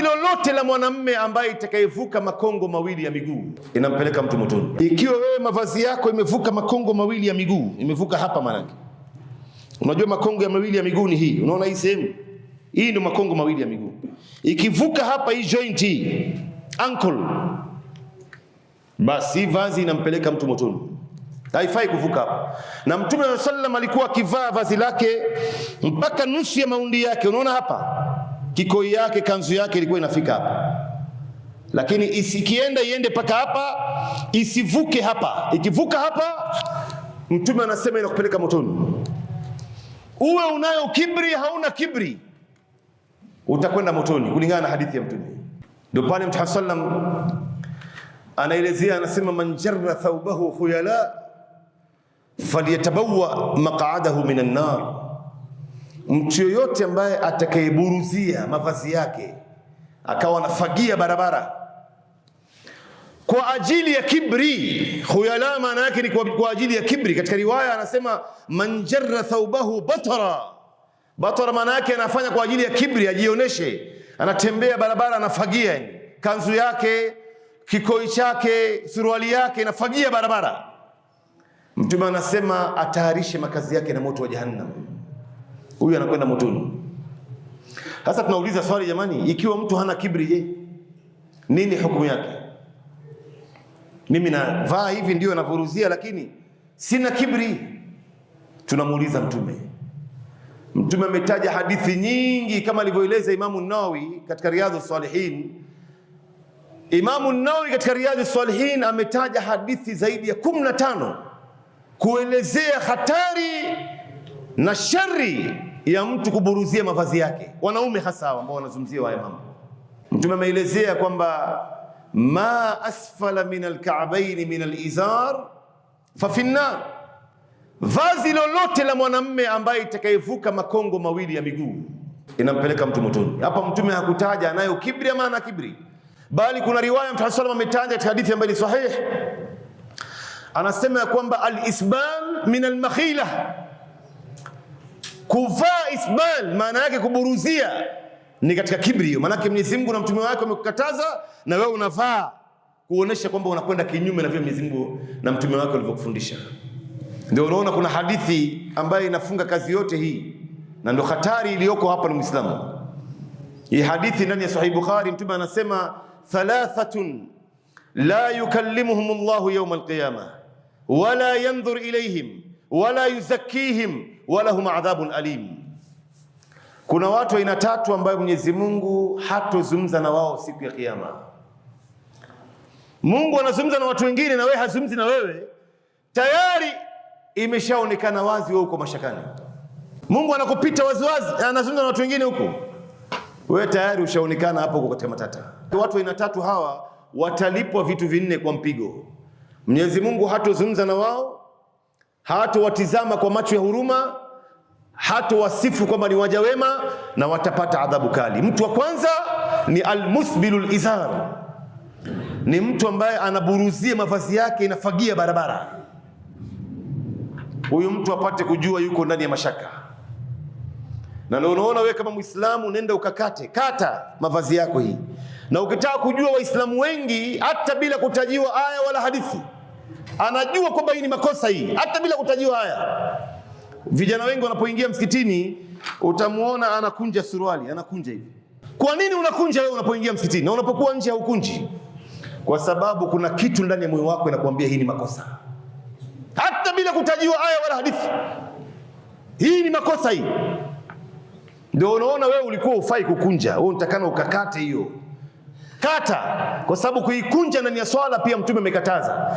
kundi lolote la mwanamme ambaye itakayevuka makongo mawili ya miguu inampeleka mtu motoni. Ikiwa wewe mavazi yako imevuka makongo mawili ya miguu, imevuka hapa, maanake unajua makongo ya mawili ya miguu ni hii, unaona hii sehemu hii ndio makongo mawili ya miguu. Ikivuka hapa hii joint hii ankle, basi vazi inampeleka mtu motoni, haifai kuvuka hapa. Na Mtume sallallahu alaihi wasallam alikuwa akivaa vazi lake mpaka nusu ya maundi yake, unaona hapa kikoi yake kanzu yake ilikuwa inafika hapa, lakini ikienda iende mpaka hapa, isivuke hapa. Ikivuka hapa, Mtume anasema inakupeleka motoni. Uwe unayo kibri, hauna kibri, utakwenda motoni, kulingana na hadithi ya Mtume. Ndio pale Mtume sallam anaelezea, anasema man jarra thawbahu khuyala falyatabawa maq'adahu minan nar Mtu yoyote ambaye atakayeburuzia mavazi yake akawa anafagia barabara kwa ajili ya kibri, khuyala maana yake ni kwa ajili ya kibri. Katika riwaya anasema man jarra thaubahu batara batara, maana yake anafanya kwa ajili ya kibri, ajioneshe anatembea barabara, anafagia kanzu yake, kikoi chake, suruali yake, anafagia barabara. Mtume anasema atayarishe makazi yake na moto wa Jahannam huyu anakwenda motoni. Sasa tunauliza swali jamani, ikiwa mtu hana kibri, je, nini hukumu yake? Mimi navaa hivi ndio navuruzia, lakini sina kibri. Tunamuuliza Mtume. Mtume ametaja hadithi nyingi kama alivyoeleza Imamu Nawawi katika Riyadhus Salihin. Imamu Nawawi katika Riyadhus Salihin ametaja hadithi zaidi ya kumi na tano kuelezea hatari na shari ya mtu kuburuzia mavazi yake, wanaume hasa hawa ambao wanazungumzia haya mambo. Mtume ameelezea kwamba ma asfala min alka'bayn min alizar fa fi vazi lolote la mwanamme ambaye itakayevuka makongo mawili ya miguu inampeleka mtu motoni. Hapa Mtume hakutaja anayo kibri ama ana kibri, bali kuna riwaya Mtume sallallahu alayhi wasallam ametaja katika hadithi ambayo ni sahihi, anasema ya kwamba alisban min almakhila Kuvaa isbal maana yake kuburuzia, ni katika kibri hiyo. Maanake Mwenyezi Mungu na mtume wake wamekukataza, na wewe unavaa kuonesha kwamba unakwenda kinyume na vile Mwenyezi Mungu na mtume wake walivyokufundisha. Ndio unaona kuna hadithi ambayo inafunga kazi yote hii, na ndio hatari iliyoko hapa ni Muislamu. Hii hadithi ndani ya Sahih Bukhari, mtume anasema thalathatun la yukallimuhum Allahu yawm alqiyama wala yanzur ilayhim wala yuzakihim walahum adhabun alim. Kuna watu aina tatu ambayo Mwenyezi Mungu hatozungumza na wao siku ya Kiyama. Mungu anazungumza na watu wengine, na wewe hazungumzi na wewe, tayari imeshaonekana wazi wewe uko mashakani. Mungu anakupita waziwazi, anazungumza na watu wengine huko, wewe tayari ushaonekana hapo katika matata. Watu aina tatu hawa watalipwa vitu vinne kwa mpigo. Mwenyezi Mungu hatozungumza na wao watizama kwa macho ya huruma, hatowasifu kwamba ni waja wema, na watapata adhabu kali. Mtu wa kwanza ni almusbilul izar, ni mtu ambaye anaburuzia mavazi yake, inafagia barabara. Huyu mtu apate kujua yuko ndani ya mashaka, na ndio unaona wewe kama Muislamu nenda ukakate kata mavazi yako hii, na ukitaka kujua Waislamu wengi hata bila kutajiwa aya wala hadithi anajua kwamba hii ni makosa hii, hata bila kutajiwa haya. Vijana wengi wanapoingia msikitini utamuona anakunja suruali, anakunja hivi. Kwa nini unakunja wewe unapoingia msikitini na unapokuwa nje haukunji? Kwa sababu kuna kitu ndani ya moyo wako inakuambia hii ni makosa, hata bila kutajiwa aya wala hadithi. Hii ni makosa hii, ndio unaona wewe ulikuwa ufai kukunja, wewe unatakana ukakate hiyo kata, kwa sababu kuikunja ndani ya swala pia Mtume amekataza.